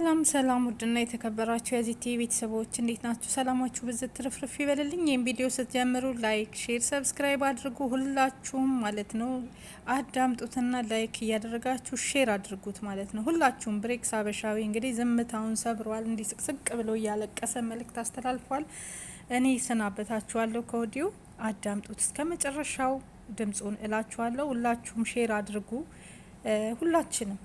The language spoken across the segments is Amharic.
ሰላም ሰላም ውድና የተከበራችሁ የዚህ ቲቪ ቤተሰቦች እንዴት ናችሁ? ሰላማችሁ ብዝት ትርፍርፍ ይበልልኝ። ይህም ቪዲዮ ስትጀምሩ ላይክ፣ ሼር፣ ሰብስክራይብ አድርጉ። ሁላችሁም ማለት ነው አዳምጡትና ላይክ እያደረጋችሁ ሼር አድርጉት ማለት ነው። ሁላችሁም ብሬክስ አበሻዊ እንግዲህ ዝምታውን ሰብሯል። እንዲህ ስቅስቅ ብሎ እያለቀሰ መልእክት አስተላልፏል። እኔ ይሰናበታችኋለሁ ከወዲሁ አዳምጡት እስከ መጨረሻው ድምፁን እላችኋለሁ። ሁላችሁም ሼር አድርጉ ሁላችንም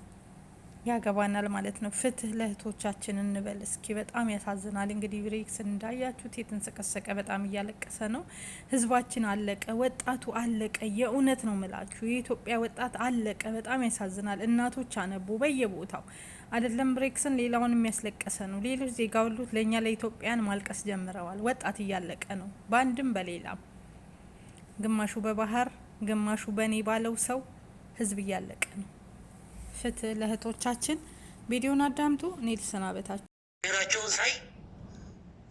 ያገባናል ማለት ነው። ፍትህ ለእህቶቻችን እንበል እስኪ። በጣም ያሳዝናል። እንግዲህ ብሬክስ እንዳያችሁት የተንሰቀሰቀ በጣም እያለቀሰ ነው። ህዝባችን አለቀ፣ ወጣቱ አለቀ። የእውነት ነው ምላችሁ የኢትዮጵያ ወጣት አለቀ። በጣም ያሳዝናል። እናቶች አነቡ በየቦታው አይደለም ብሬክስን ሌላውን የሚያስለቀሰ ነው። ሌሎች ዜጋ ሁሉት ለእኛ ለኢትዮጵያን ማልቀስ ጀምረዋል። ወጣት እያለቀ ነው በአንድም በሌላም ግማሹ በባህር ግማሹ በኔ ባለው ሰው ህዝብ እያለቀ ነው። ፍትህ ለእህቶቻችን ቪዲዮን አዳምጡ። እኔ ልሰናበታችሁ። ራቸውን ሳይ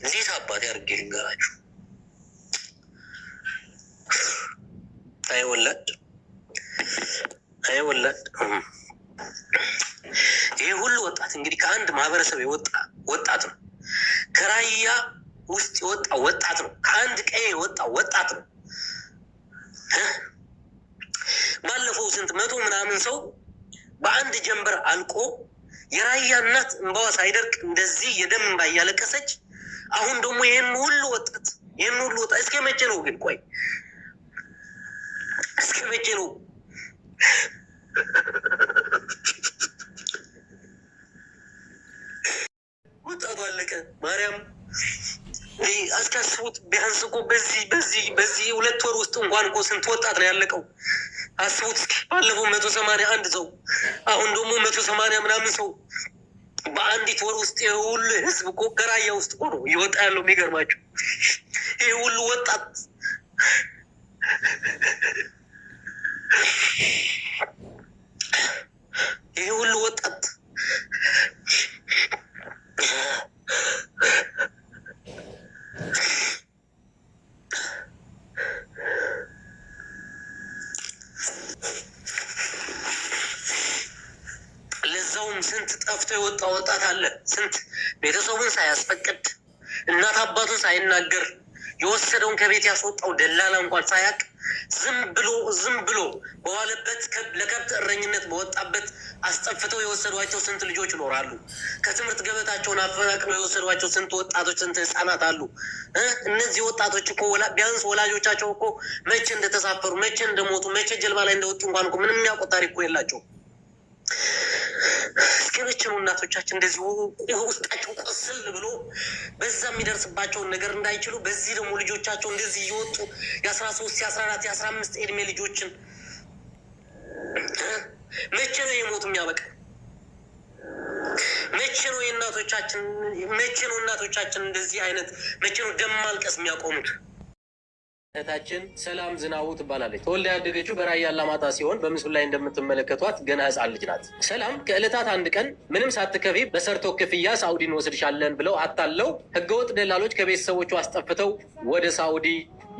እንዴት አባት ያርጌ ልንገራችሁ። አይወላድ ወላድ፣ ይሄ ሁሉ ወጣት እንግዲህ ከአንድ ማህበረሰብ የወጣ ወጣት ነው። ከራያ ውስጥ የወጣ ወጣት ነው። ከአንድ ቀዬ የወጣ ወጣት ነው። ባለፈው ስንት መቶ ምናምን ሰው በአንድ ጀንበር አልቆ የራያ እናት እንባዋ ሳይደርቅ እንደዚህ የደም እንባ እያለቀሰች አሁን ደግሞ ይህን ሁሉ ወጣት ይህን ሁሉ ወጣት እስከ መቼ ነው ግን? ቆይ እስከ መቼ ነው? ወጣቱ አለቀ። ማርያም አስካስቡት። ቢያንስ እኮ በዚህ በዚህ በዚህ ሁለት ወር ውስጥ እንኳን እኮ ስንት ወጣት ነው ያለቀው? አስቡት እስኪ ባለፈው መቶ ሰማንያ አንድ ሰው አሁን ደግሞ መቶ ሰማንያ ምናምን ሰው በአንዲት ወር ውስጥ ይህ ሁሉ ህዝብ እኮ ገራያ ውስጥ ሆኖ ይወጣ እየወጣ ያለው። የሚገርማቸው ይህ ሁሉ ወጣት ለዛውም ስንት ጠፍቶ የወጣ ወጣት አለ። ስንት ቤተሰቡን ሳያስፈቅድ እናት አባቱን ሳይናገር የወሰደውን ከቤት ያስወጣው ደላላ እንኳን ሳያቅ ዝም ብሎ ዝም ብሎ በዋለበት ለከብት እረኝነት በወጣበት አስጠፍተው የወሰዷቸው ስንት ልጆች ይኖራሉ? ከትምህርት ገበታቸውን አፈናቅለው የወሰዷቸው ስንት ወጣቶች፣ ስንት ህጻናት አሉ? እነዚህ ወጣቶች እኮ ቢያንስ ወላጆቻቸው እኮ መቼ እንደተሳፈሩ፣ መቼ እንደሞቱ፣ መቼ ጀልባ ላይ እንደወጡ እንኳን ምንም የሚያውቁት ታሪክ እኮ የላቸው። እስከመቼ እናቶቻችን እንደዚህ ውስጣቸው ቁስል ብሎ በዛ የሚደርስባቸውን ነገር እንዳይችሉ በዚህ ደግሞ ልጆቻቸው እንደዚህ እየወጡ የአስራ ሶስት የአስራ አራት የአስራ አምስት እድሜ ልጆችን መቼ ነው የሞት የሚያበቃ? መቼ ነው የእናቶቻችን መቼ ነው እናቶቻችን እንደዚህ አይነት መቼ ነው ደም ማልቀስ የሚያቆሙት? እህታችን ሰላም ዝናቡ ትባላለች። ተወልዳ ያደገችው በራያ አላማጣ ሲሆን በምስሉ ላይ እንደምትመለከቷት ገና ሕፃን ልጅ ናት። ሰላም ከዕለታት አንድ ቀን ምንም ሳትከፊ በሰርቶ ክፍያ ሳኡዲ እንወስድሻለን ብለው አታለው ሕገወጥ ደላሎች ከቤተሰቦቹ አስጠፍተው ወደ ሳውዲ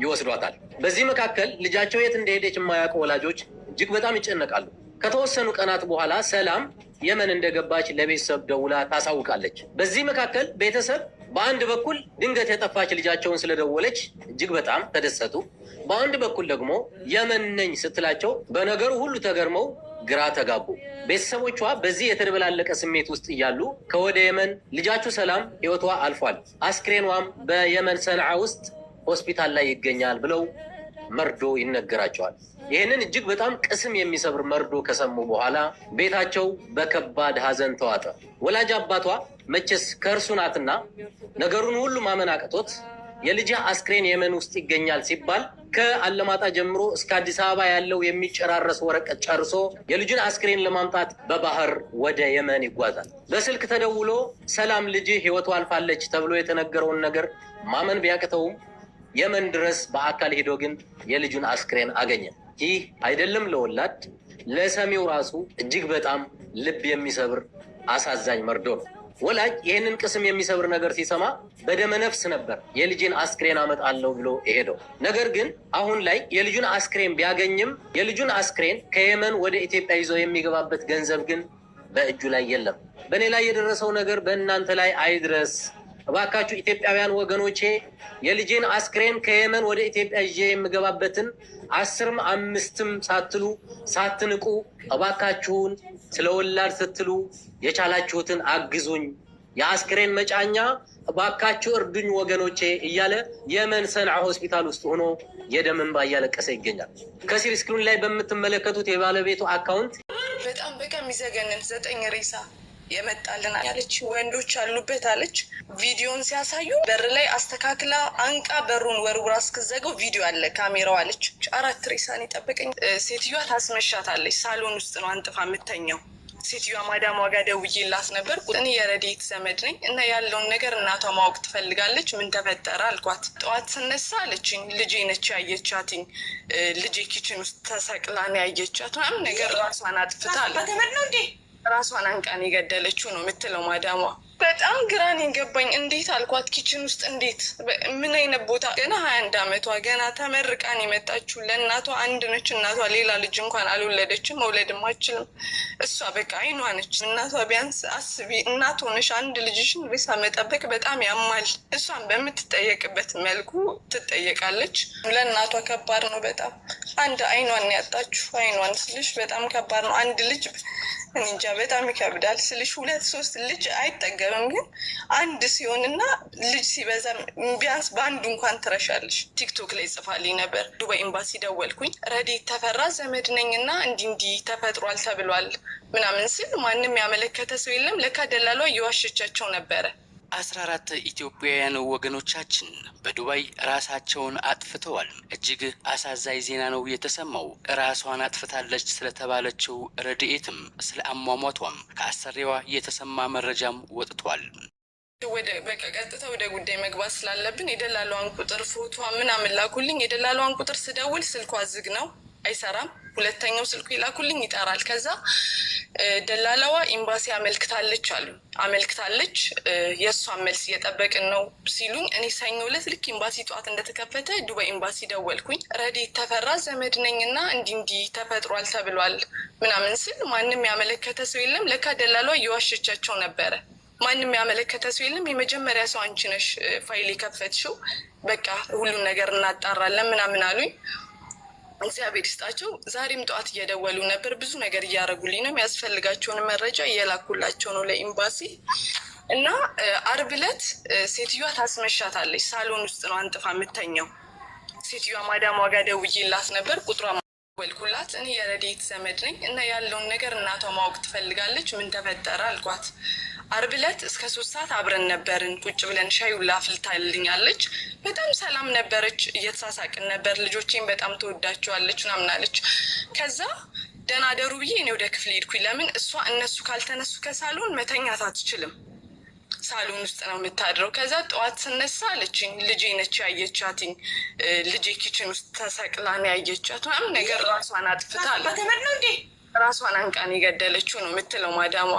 ይወስዷታል። በዚህ መካከል ልጃቸው የት እንደሄደች የማያውቁ ወላጆች እጅግ በጣም ይጨነቃሉ። ከተወሰኑ ቀናት በኋላ ሰላም የመን እንደገባች ለቤተሰብ ደውላ ታሳውቃለች። በዚህ መካከል ቤተሰብ በአንድ በኩል ድንገት የጠፋች ልጃቸውን ስለደወለች እጅግ በጣም ተደሰቱ። በአንድ በኩል ደግሞ የመን ነኝ ስትላቸው በነገሩ ሁሉ ተገርመው ግራ ተጋቡ። ቤተሰቦቿ በዚህ የተደበላለቀ ስሜት ውስጥ እያሉ ከወደ የመን ልጃችሁ ሰላም ሕይወቷ አልፏል፣ አስክሬኗም በየመን ሰንዓ ውስጥ ሆስፒታል ላይ ይገኛል ብለው መርዶ ይነገራቸዋል። ይህንን እጅግ በጣም ቅስም የሚሰብር መርዶ ከሰሙ በኋላ ቤታቸው በከባድ ሀዘን ተዋጠ። ወላጅ አባቷ መቼስ ከእርሱ ናትና ነገሩን ሁሉ ማመን አቅቶት የልጅ አስክሬን የመን ውስጥ ይገኛል ሲባል ከአለማጣ ጀምሮ እስከ አዲስ አበባ ያለው የሚጨራረስ ወረቀት ጨርሶ የልጁን አስክሬን ለማምጣት በባህር ወደ የመን ይጓዛል። በስልክ ተደውሎ ሰላም ልጅ ህይወቱ አልፋለች ተብሎ የተነገረውን ነገር ማመን ቢያቅተውም የመን ድረስ በአካል ሄዶ ግን የልጁን አስክሬን አገኘ። ይህ አይደለም ለወላድ ለሰሚው ራሱ እጅግ በጣም ልብ የሚሰብር አሳዛኝ መርዶ ነው። ወላጅ ይህንን ቅስም የሚሰብር ነገር ሲሰማ በደመነፍስ ነበር የልጅን አስክሬን አመጣለሁ ብሎ የሄደው። ነገር ግን አሁን ላይ የልጁን አስክሬን ቢያገኝም የልጁን አስክሬን ከየመን ወደ ኢትዮጵያ ይዞ የሚገባበት ገንዘብ ግን በእጁ ላይ የለም። በእኔ ላይ የደረሰው ነገር በእናንተ ላይ አይድረስ እባካችሁ ኢትዮጵያውያን ወገኖቼ የልጄን አስክሬን ከየመን ወደ ኢትዮጵያ ይዤ የምገባበትን አስርም አምስትም ሳትሉ ሳትንቁ እባካችሁን ስለ ወላድ ስትሉ የቻላችሁትን አግዙኝ፣ የአስክሬን መጫኛ እባካችሁ እርዱኝ ወገኖቼ እያለ የመን ሰንዓ ሆስፒታል ውስጥ ሆኖ የደም እንባ እያለቀሰ ይገኛል። ከሲር ላይ በምትመለከቱት የባለቤቱ አካውንት በጣም በቃ የሚዘገንን ዘጠኝ ሬሳ የመጣልን ያለች ወንዶች አሉበት አለች። ቪዲዮን ሲያሳዩ በር ላይ አስተካክላ አንቃ በሩን ወርውራ እስክዘገው ቪዲዮ አለ ካሜራው አለች። አራት ሬሳን የጠበቀኝ ሴትዮዋ ታስመሻታለች። ሳሎን ውስጥ ነው አንጥፋ የምተኘው። ሴትዮዋ ማዳሟ ጋር ደውዬላት ነበር። እኔ የረዴት ዘመድ ነኝ እና ያለውን ነገር እናቷ ማወቅ ትፈልጋለች። ምን ተፈጠረ አልኳት። ጠዋት ስነሳ አለችኝ ልጄ ነች ያየቻትኝ። ልጄ ኪችን ውስጥ ተሰቅላ ያየቻት ምናምን ነገር ራሷን አጥፍታ ራሷን አንቃን የገደለችው ነው የምትለው ማዳሟ በጣም ግራን የገባኝ እንዴት አልኳት፣ ኪችን ውስጥ እንዴት ምን አይነት ቦታ ገና ሀያ አንድ አመቷ ገና ተመርቃን የመጣችው ለእናቷ አንድ ነች። እናቷ ሌላ ልጅ እንኳን አልወለደችም፣ መውለድም አችልም። እሷ በቃ አይኗ ነች እናቷ። ቢያንስ አስቢ እናት ሆነሽ አንድ ልጅሽን ቤሳ መጠበቅ በጣም ያማል። እሷን በምትጠየቅበት መልኩ ትጠየቃለች። ለእናቷ ከባድ ነው በጣም አንድ አይኗን ያጣችሁ አይኗን ስልሽ በጣም ከባድ ነው። አንድ ልጅ እንጃ በጣም ይከብዳል ስልሽ ሁለት ሶስት ልጅ አይጠገብም ነው። ግን አንድ ሲሆንና ልጅ ሲበዛ ቢያንስ በአንዱ እንኳን ትረሻለሽ። ቲክቶክ ላይ ጽፋልኝ ነበር። ዱባይ ኤምባሲ ደወልኩኝ። ረዴት ተፈራ ዘመድ ነኝ እና እንዲህ እንዲህ ተፈጥሯል ተብሏል ምናምን ስል ማንም ያመለከተ ሰው የለም። ለካ ደላሏ እየዋሸቻቸው ነበረ። አስራ አራት ኢትዮጵያውያን ወገኖቻችን በዱባይ ራሳቸውን አጥፍተዋል። እጅግ አሳዛኝ ዜና ነው የተሰማው። ራሷን አጥፍታለች ስለተባለችው ረድኤትም ስለ አሟሟቷም ከአሰሪዋ የተሰማ መረጃም ወጥቷል። በቃ ቀጥታ ወደ ጉዳይ መግባት ስላለብን የደላሏን ቁጥር ፎቷ ምናምን ላኩልኝ። የደላሏን ቁጥር ስደውል ስልኳ ዝግ ነው፣ አይሰራም። ሁለተኛው ስልኩ ይላኩልኝ ይጠራል። ከዛ ደላላዋ ኤምባሲ አመልክታለች አሉ አመልክታለች፣ የእሷን መልስ እየጠበቅን ነው ሲሉኝ፣ እኔ ሰኞ ዕለት ልክ ኤምባሲ ጠዋት እንደተከፈተ ዱባይ ኤምባሲ ደወልኩኝ። ረዴት ተፈራ ዘመድ ነኝና እንዲህ እንዲህ ተፈጥሯል ተብሏል ምናምን ስል ማንም ያመለከተ ሰው የለም። ለካ ደላላዋ እየዋሸቻቸው ነበረ። ማንም ያመለከተ ሰው የለም። የመጀመሪያ ሰው አንቺ ነሽ ፋይል የከፈትሽው፣ በቃ ሁሉን ነገር እናጣራለን ምናምን አሉኝ። እግዚአብሔር ይስጣቸው። ዛሬም ጠዋት እየደወሉ ነበር። ብዙ ነገር እያደረጉልኝ ነው። የሚያስፈልጋቸውን መረጃ እየላኩላቸው ነው ለኤምባሲ እና አርብ ዕለት ሴትዮዋ ታስመሻታለች። ሳሎን ውስጥ ነው አንጥፋ የምተኘው። ሴትዮዋ ማዳም ዋጋ ደውዬላት ነበር። ቁጥሯ ወልኩላት። እኔ የረዴት ዘመድ ነኝ እና ያለውን ነገር እናቷ ማወቅ ትፈልጋለች። ምን ተፈጠረ አልኳት። አርብ ዕለት እስከ ሶስት ሰዓት አብረን ነበርን። ቁጭ ብለን ሻዩላ አፍልታልኛለች። በጣም ሰላም ነበረች። እየተሳሳቅን ነበር። ልጆቼን በጣም ተወዳችዋለች ናምናለች። ከዛ ደህና ደሩ ብዬ እኔ ወደ ክፍል ሄድኩኝ። ለምን እሷ እነሱ ካልተነሱ ከሳሎን መተኛት አትችልም። ሳሎን ውስጥ ነው የምታድረው። ከዛ ጠዋት ስነሳ አለችኝ፣ ልጄ ነች ያየቻትኝ። ልጄ ኪችን ውስጥ ተሰቅላን ያየቻት ምናምን ነገር ራሷን አጥፍታለ ራሷን አንቃን የገደለችው ነው የምትለው ማዳሟ